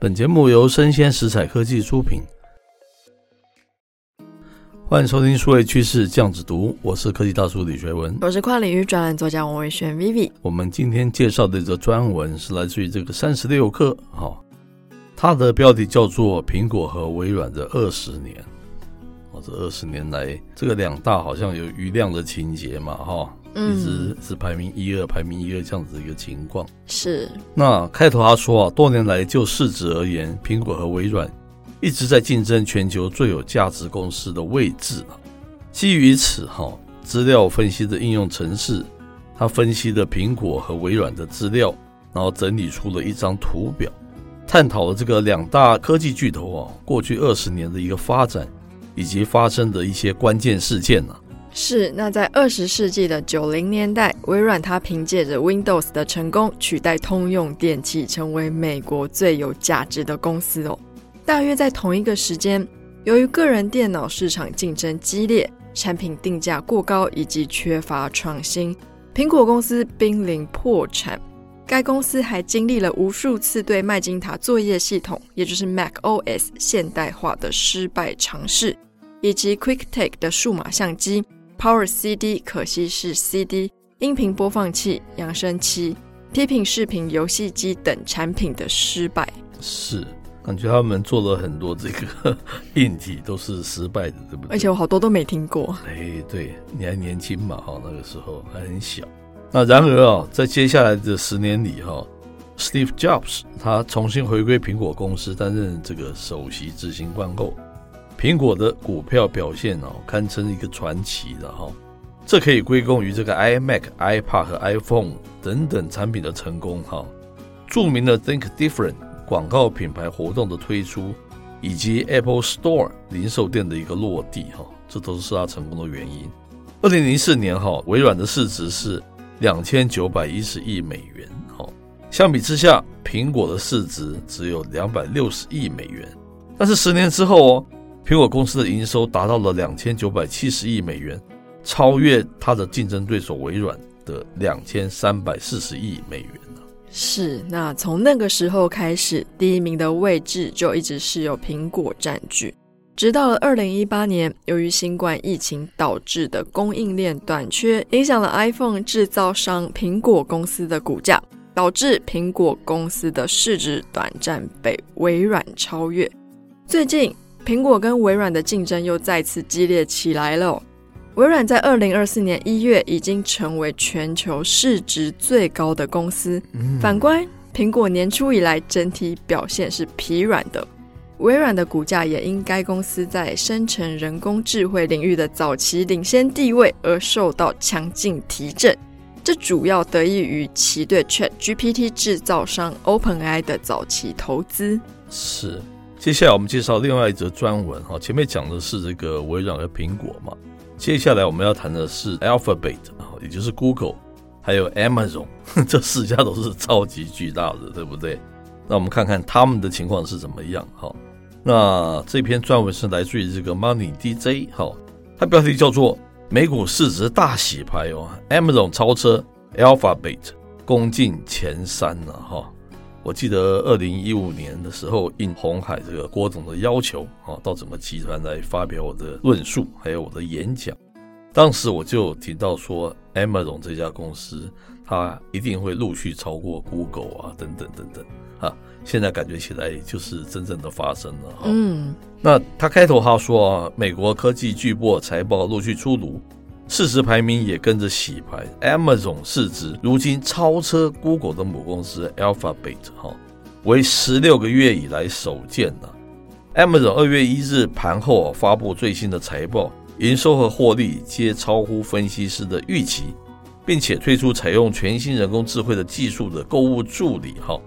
本節目由聲鮮時采科技出品，歡迎收聽數位趨勢醬子讀，我是科技大叔李學文，我是跨領域專欄作家王維軒 Vivi。我們今天介紹的這個專文是來自於這個三十六氪。哈、哦，它的標題叫做《蘋果和微軟的二十年》，哦，這二十年來，這個兩大好像有瑜亮的情節嘛，哈、哦。嗯，一直是排名一二，排名一二這樣子的一個情況。是。那開頭他說啊，多年來就市值而言，蘋果和微軟一直在競爭全球最有價值公司的位置啊。基於此啊，哈，資料分析的應用程式，他分析的蘋果和微軟的資料，然後整理出了一張圖表，探討了這個兩大科技巨頭啊過去二十年的一個發展，以及發生的一些關鍵事件呢啊。是，那在二十世紀的九零年代，微軟它憑借着 Windows 的成功，取代通用電氣成為美國最有價值的公司哦。大約在同一個時間，由於個人電腦市場競爭激烈，產品定價過高以及缺乏創新，蘋果公司瀕臨破產。該公司還經歷了無數次對麥金塔作業系統，也就是 Mac OS 現代化的失敗嘗試，以及 QuickTake 的數碼相機。Power CD，可攜式 CD 音頻播放器、揚聲器、Pippin 視頻遊戲機等產品的失敗，是感覺他們做了很多這個硬體都是失敗的，對不對？而且我好多都沒聽過。哎，對你還年輕嘛，哈，那個時候還很小。那然而啊，在接下來的十年裡哈，Steve Jobs 他重新回歸蘋果公司，擔任這個首席執行官後。蘋果的股票表現哦，堪稱一個傳奇的哈。這可以歸功於這個 iMac、iPod 和 iPhone 等等產品的成功哈。著名的 Think Different 廣告品牌活動的推出，以及 Apple Store 零售店的一個落地哈，這都是它成功的原因。二零零四年哈，微軟的市值是兩千九百一十億美元哈。相比之下，蘋果的市值只有兩百六十億美元。但是十年之後哦。蘋果公司的營收達到了兩千九百七十億美元，超越它的競爭對手微軟的兩千三百四十億美元、啊、是，那從那個時候開始，第一名的位置就一直是由蘋果占據，直到了二零一八年，由於新冠疫情導致的供應鏈短缺，影響了 iPhone 製造商蘋果公司的股價，導致蘋果公司的市值短暫被微軟超越。最近。蘋果跟微軟的競爭又再次激烈起來了、哦。微軟在二零二四年一月已經成為全球市值最高的公司、嗯。反觀蘋果，年初以來整體表現是疲軟的。微軟的股價也因該公司在生成人工智慧領域的早期領先地位而受到強勁提振，這主要得益於其對 ChatGPT 製造商 OpenAI 的早期投資。是。接下來我們介紹另外一則專文哈，前面講的是這個微軟和蘋果嘛，接下來我們要談的是 Alphabet 哈，也就是 Google，還有 Amazon，這四家都是超級巨大的，對不對？那我們看看他們的情況是怎麼樣哈。那這篇專文是來自於這個 Money DJ 哈，它標題叫做《美股市值大洗牌哦，Amazon 超車 Alphabet，攻進前三了哈》。我記得二零一五年的時候，應鴻海這個郭總的要求啊，到整個集團來發表我的論述，還有我的演講。當時我就提到說，Amazon 這家公司，它一定會陸續超過 Google 啊，等等等等啊。現在感覺起來就是真正的發生了。嗯，那他開頭他說啊，美國科技巨擘財報陸續出爐。市值排名也跟着洗牌，Amazon 市值如今超車 Google 的母公司 Alphabet 哈、哦，為十六個月以來首見。Amazon 二月一日盤後、哦、發布最新的財報，營收和獲利皆超乎分析師的預期，並且推出採用全新人工智慧的技術的購物助理哈、哦。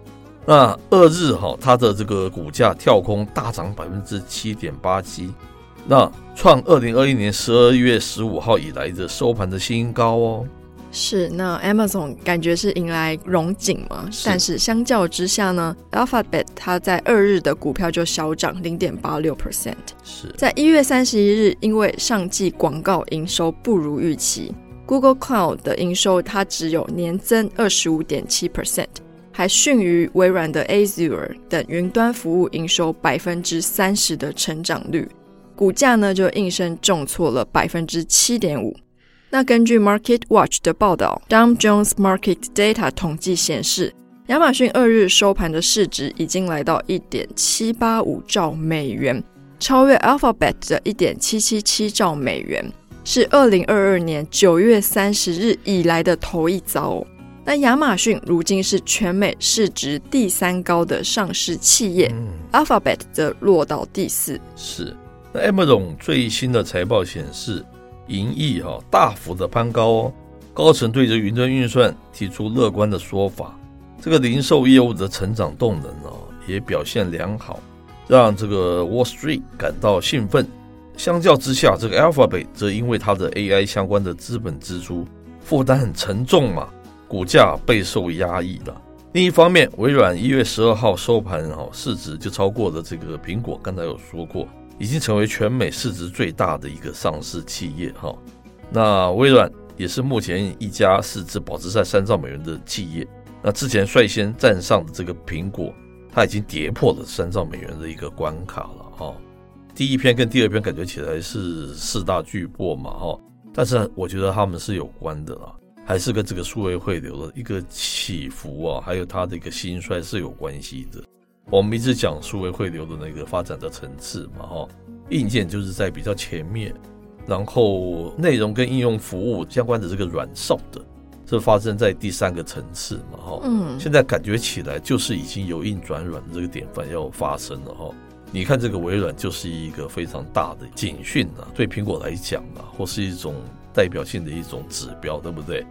那二日哈、哦、它的這個股價跳空大漲百分之七點八七。那創二零二一年十二月十五號以來的收盤的新高哦。是，那 Amazon 感覺是迎來榮景嘛，是。但是相較之下呢，Alphabet 它在二日的股票就小漲零點八六 percent。是在一月三十一日，因為上季廣告營收不如預期，Google Cloud 的營收它只有年增二十五點七 percent，還遜於微軟的 Azure 等雲端服務營收百分之三十的成長率。股價呢就應聲重挫了百分之七點五。那根據 Market Watch 的報道，Dow Jones Market Data 統計顯示，亞馬遜二日收盤的市值已經來到一點七八五兆美元，超越 Alphabet 的一點七七七兆美元，是二零二二年九月三十日以來的頭一遭，哦。那亞馬遜如今是全美市值第三高的上市企業、嗯、，Alphabet 則落到第四。是。那 Amazon 最新的財報顯示，盈利哈、啊、大幅的攀高哦。高層對着雲端運算提出樂觀的說法，這個零售業務的成長動能哦、啊、也表現良好，讓這個 Wall Street 感到興奮。相較之下，這個 Alphabet 則因為它的 AI 相關的資本支出負擔很沉重嘛，股價備受壓抑了。另一方面，微軟一月十二號收盤哦、啊、市值就超過了這個蘋果，剛才有說過。已經成為全美市值最大的一個上市企業哈，那微軟也是目前一家市值保持在三兆美元的企業。那之前率先站上的這個蘋果，它已經跌破了三兆美元的一個關卡了哈。第一篇跟第二篇感覺起來是四大巨擘嘛哈，但是我覺得他們是有關的啦，還是跟這個數位匯流的一個起伏啊，還有它的一個興衰是有關係的。我們一直講數位匯流的那個發展的層次嘛，哈，硬件就是在比較前面，然後內容跟應用服務相關的這個軟少的，這發生在第三個層次嘛，哈，嗯，現在感覺起來就是已經由硬轉軟的這個典範要發生了哈，你看這個微軟就是一個非常大的警訊啊，對蘋果來講啊，或是一種代表性的一種指標，對不對？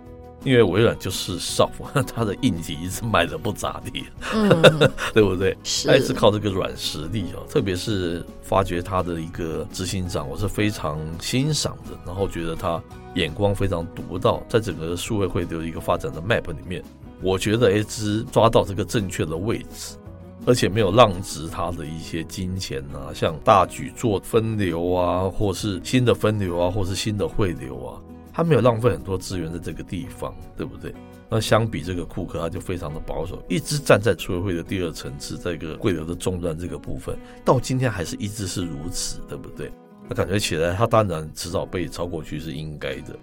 因為微軟就是 soft，它的硬件一直賣得不咋地，嗯、 對不對？是，還是靠這個軟實力啊。特別是發掘他的一個執行長，我是非常欣賞的。然後覺得他眼光非常獨到，在整個數位匯流的一個發展的 map 裡面，我覺得 a 只抓到這個正確的位置，而且沒有浪值他的一些金錢啊，像大舉做分流啊，或是新的分流啊，或是新的匯流啊。他沒有浪費很多資源在這個地方，對不對？那相比這個庫克，他就非常的保守，一直站在出委會的第二層次，在一個貴流的中端這個部分，到今天還是一直是如此，對不對？那感覺起來，他當然遲早被超過去是應該的。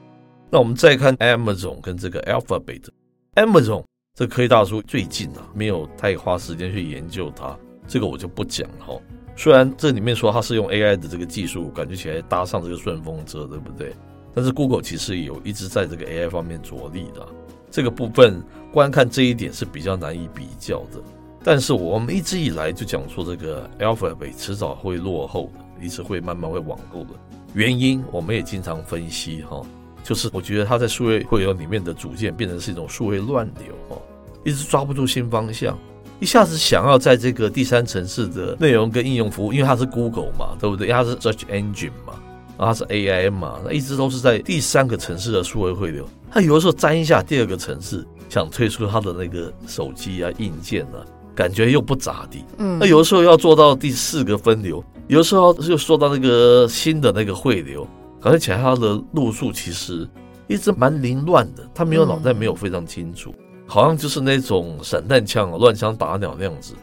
那我們再看 Amazon 跟這個 Alphabet，Amazon 這個科技大叔最近啊，沒有太花時間去研究它，這個我就不講了。雖然這裡面說他是用 AI 的這個技術，感覺起來搭上這個順風車，對不對？但是 Google 其實有一直在這個 AI 方面着力的、啊、這個部分，觀看這一點是比較難以比較的。但是我們一直以來就講說，這個 Alphabet 遲早會落後的，一直會慢慢會網購的原因，我們也經常分析哈、啊，就是我覺得它在數位匯流裡面的組件變成是一種數位亂流哦、啊，一直抓不住新方向，一下子想要在這個第三層次的內容跟應用服務，因為它是 Google 嘛，對不對？因為它是 Search Engine 嘛。啊、他是 AI 嘛、啊，那一直都是在第三個城市的數位匯流。他有的時候沾一下第二個城市，想推出他的那個手機啊、硬件啊，感覺又不咋地。嗯，那有的時候要做到第四個分流，有的時候又說到那個新的那個匯流，感覺起來他的路數其實一直蠻凌亂的，他沒有腦袋，沒有非常清楚，嗯、好像就是那種散彈槍亂槍打鳥那樣子。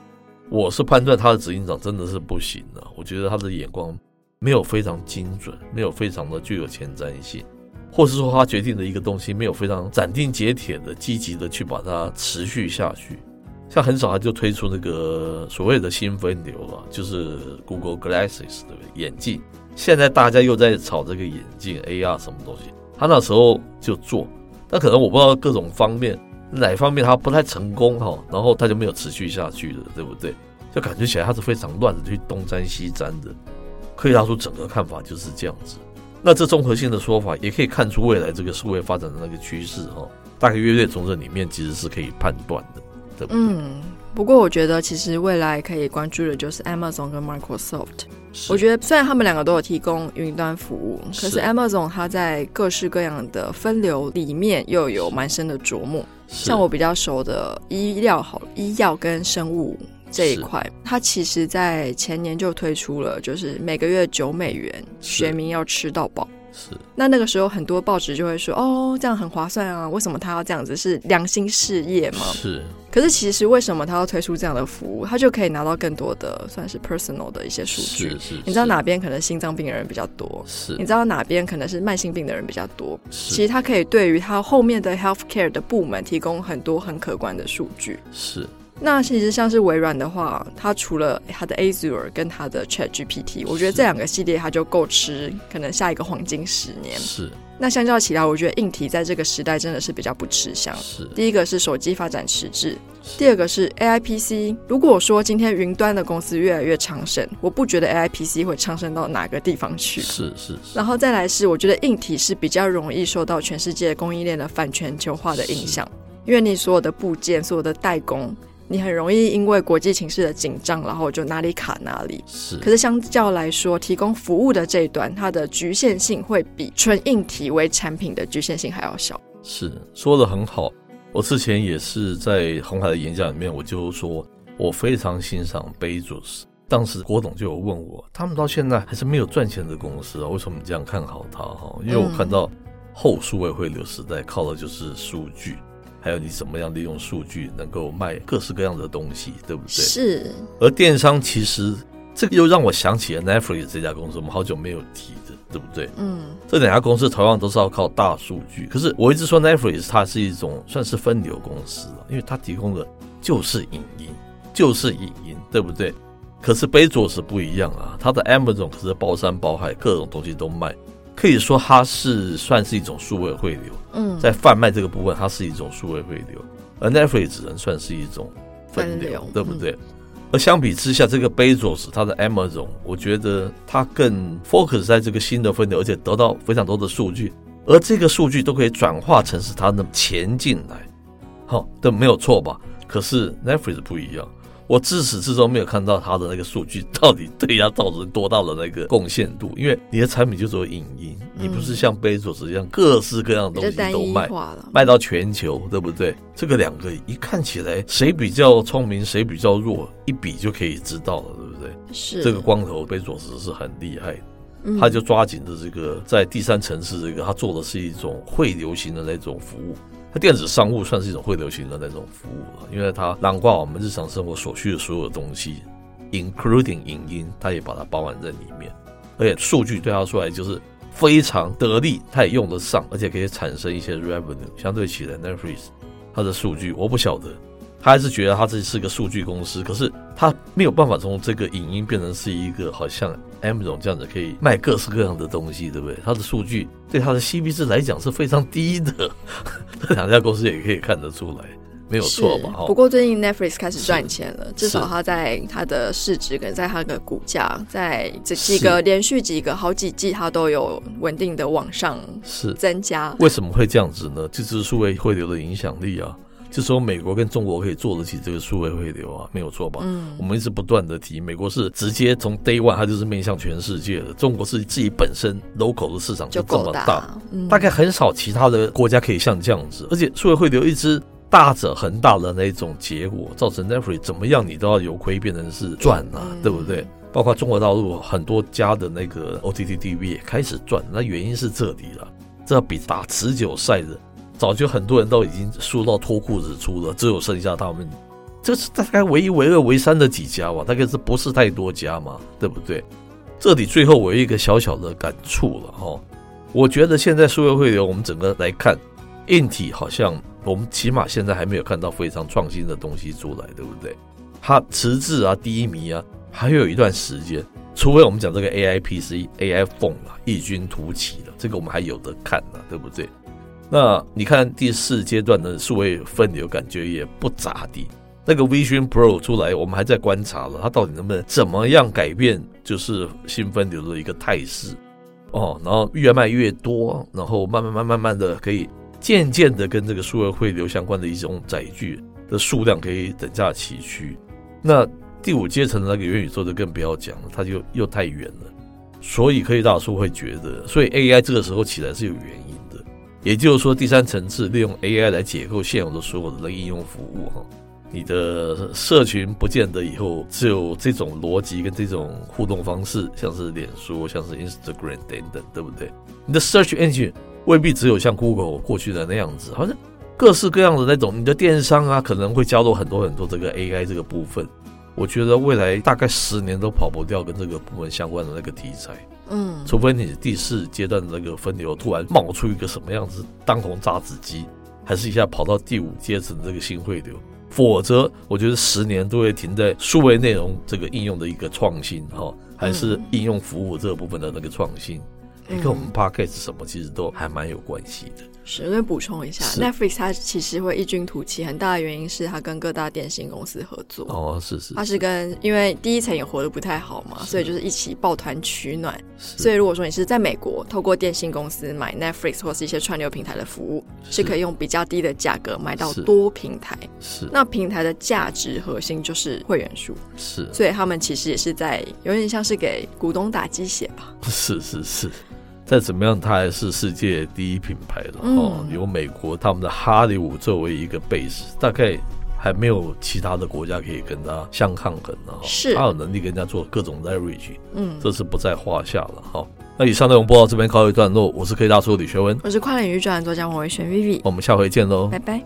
我是判斷他的執行長真的是不行的、啊，我覺得他的眼光。沒有非常精準，沒有非常的具有前瞻性，或是說他決定的一個東西沒有非常斬釘截鐵的積極的去把它持續下去，像很少他就推出那個所謂的新分流啊，就是 Google Glasses 的眼鏡，現在大家又在炒這個眼鏡 AR 什麼東西，他那時候就做，但可能我不知道各種方面哪方面他不太成功哈、哦，然後他就沒有持續下去了，對不對？就感覺起來他是非常亂的去東粘西粘的。可以拿出整個看法就是這樣子，那這綜合性的說法也可以看出未來這個社會發展的那個趨勢哈，大概約略從這裡面其實是可以判斷的對對，嗯，不過我覺得其實未來可以關注的就是 Amazon 跟 Microsoft。我覺得雖然他們兩個都有提供雲端服務，可是 Amazon 它在各式各樣的分流裡面又有蠻深的琢磨，像我比較熟的醫療好醫藥跟生物，這一塊，它其實，在前年就推出了，就是每個月九美元，全民要吃到飽。是。那那個時候，很多報紙就會說，哦，這樣很划算啊，為什麼他要這樣子？是良心事業嗎？是。可是，其實為什麼他要推出這樣的服務？他就可以拿到更多的，算是 personal 的一些數據。是。你知道哪邊可能心臟病的人比較多？是。你知道哪邊可能是慢性病的人比較多？是。其實，他可以對於他後面的 healthcare 的部門提供很多很可觀的數據。是。那其實像是微軟的話，它除了它的 Azure 跟它的 ChatGPT，我覺得這兩個系列它就夠吃可能下一個黃金十年。是。那相較起來，我覺得硬體在這個時代真的是比較不吃香。是。第一個是手機發展遲滯，第二個是 AIPC。如果說今天雲端的公司越來越昌盛，我不覺得 AIPC 會昌盛到哪個地方去。是是，是。然後再來是，我覺得硬體是比較容易受到全世界供應鏈的反全球化的影響，因為你所有的部件、所有的代工。你很容易因為國際情勢的緊張，然後就哪裡卡哪裡。是。可是相較來說，提供服務的這一端，它的局限性會比純硬體為產品的局限性還要小。是，說得很好。我之前也是在紅海的演講裡面，我就說，我非常欣賞 Bezos。當時郭董就有問我，他們到現在還是沒有賺錢的公司，為什麼你這樣看好它？哈，因為我看到後數位匯流時代靠的就是數據。還有你怎麼樣利用數據能夠賣各式各樣的東西，對不對？是。而電商其實這個又讓我想起了 Netflix 這家公司，我們好久沒有提的，對不對？嗯。這兩家公司同樣都是要靠大數據。可是我一直說 Netflix 它是一種算是分流公司啊，因為它提供的就是影音，就是影音，對不對？可是貝佐斯不一樣啊，它的 Amazon 可是包山包海，各種東西都賣，可以說它是算是一種數位匯流。嗯，在販賣這個部分，它是一種數位分流，而 Netflix 只能算是一種分流，分流對不對、嗯？而相比之下，這個 Bezos 它的 Amazon，我覺得它更 focus 在這個新的分流，而且得到非常多的數據，而這個數據都可以轉化成是它的錢進來，好、哦，這沒有錯吧？可是 Netflix 不一樣。我自始至終沒有看到他的那個數據到底對他造成多大的那個貢獻度，因為你的產品就只有影音、嗯，你不是像貝佐斯一樣各式各樣的東西都賣，賣到全球，對不對？這個兩個一看起來誰比較聰明，誰比較弱，一比就可以知道了，對不對？是這個光頭貝佐斯是很厲害的，他、嗯、就抓緊的這個在第三城市這個他做的是一種會流行的那種服務。電子商務算是一種會流行的那種服務了，因為它囊括我們日常生活所需的所有的東西，including 影音，它也把它包含在裡面，而且數據對它出來就是非常得力，它也用得上，而且可以產生一些 revenue，相對起來 Netflix，它的數據我不曉得。他還是覺得他自己是個數據公司，可是他沒有辦法從這個影音變成是一個，好像 Amazon 這樣子可以賣各式各樣的東西，對不對？他的數據對他的 CP 值來講是非常低的，這 兩家公司也可以看得出來，沒有錯吧？不過最近 Netflix 開始賺錢了，至少他在他的市值跟在他的股價，在這幾個連續幾個好幾季，他都有穩定的往上是增加，是是他他增加是是。為什麼會這樣子呢？其實數位匯流的影響力啊。就說美國跟中國可以做得起這個數位匯流啊，沒有錯吧？嗯，我們一直不斷的提，美國是直接從 day one 它就是面向全世界的，中國是自己本身 local 的市場就這麼大，大,嗯、大概很少其他的國家可以像這樣子。而且數位匯流一直大者恆大的那種結果，造成 Netflix 怎麼樣你都要由虧變成是賺啊、嗯，對不對？包括中國大陸很多家的那個 OTT TV 也開始賺，那原因是這裡啦，這要比打持久賽的。早就很多人都已經輸到脫褲子出了，只有剩下他們，這是大概唯一、唯二、唯三的幾家吧？大概是不是太多家嘛？對不對？這裡最後我有一個小小的感觸了哈、哦，我覺得現在數位會匯流我們整個來看，硬體好像我們起碼現在還沒有看到非常創新的東西出來，對不對？它遲滯啊、低迷啊，還有一段時間，除非我們講這個 A I P C、A I Phone 啊異軍突起的，這個我們還有得看呢、啊，對不對？那你看第四階段的數位分流，感覺也不咋地。那個 Vision Pro 出來，我們還在觀察了，它到底能不能怎麼樣改變，就是新分流的一個態勢。哦，然後越賣越多，然後慢慢、慢、慢慢的，可以漸漸的跟這個數位匯流相關的一種載具的數量可以等價齊驅。那第五階層的那個元宇宙就更不要講了，它就又太遠了。所以科技大叔會覺得，所以 AI 這個時候起來是有原因。也就是說，第三層次利用 A I 來解構現有的所有的應用服務哈，你的社群不見得以後只有這種邏輯跟這種互動方式，像是臉書、像是 Instagram 等等，對不對？你的 search engine 未必只有像 Google 過去的那樣子，好像各式各樣的那種。你的電商啊，可能會加入很多很多這個 A I 這個部分。我覺得未來大概十年都跑不掉跟這個部門相關的那個題材，嗯，除非你第四階段的那個分流突然冒出一個什麼樣子當紅炸子雞，還是一下跑到第五階層的這個新匯流，否則我覺得十年都會停在數位內容這個應用的一個創新哈，還是應用服務這個部分的那個創新。跟我們 podcast 什麼其實都還蠻有關係的，嗯。是，我再補充一下，Netflix 它其實會異軍突起，很大的原因是它跟各大電信公司合作。哦，是是，是。它是跟，因為第一層也活得不太好嘛，所以就是一起抱團取暖。所以如果說你是在美國，透過電信公司買 Netflix 或是一些串流平台的服務，是，是可以用比較低的價格買到多平台。是。是那平台的價值核心就是會員數。是。所以他們其實也是在有點像是給股東打雞血吧。是是是。再怎麼樣，它還是世界第一品牌的哦。有、嗯、美國他們的好萊塢作為一個 base，大概還沒有其他的國家可以跟它相抗衡了、哦。是，它有能力跟人家做各種 leverage 嗯，這是不在話下了好、哦，那以上內容播到這邊告一段落，我是 K 大叔李學文，我是跨領域專欄作家黃偉軒。Vivi，我們下回見嘍，拜拜。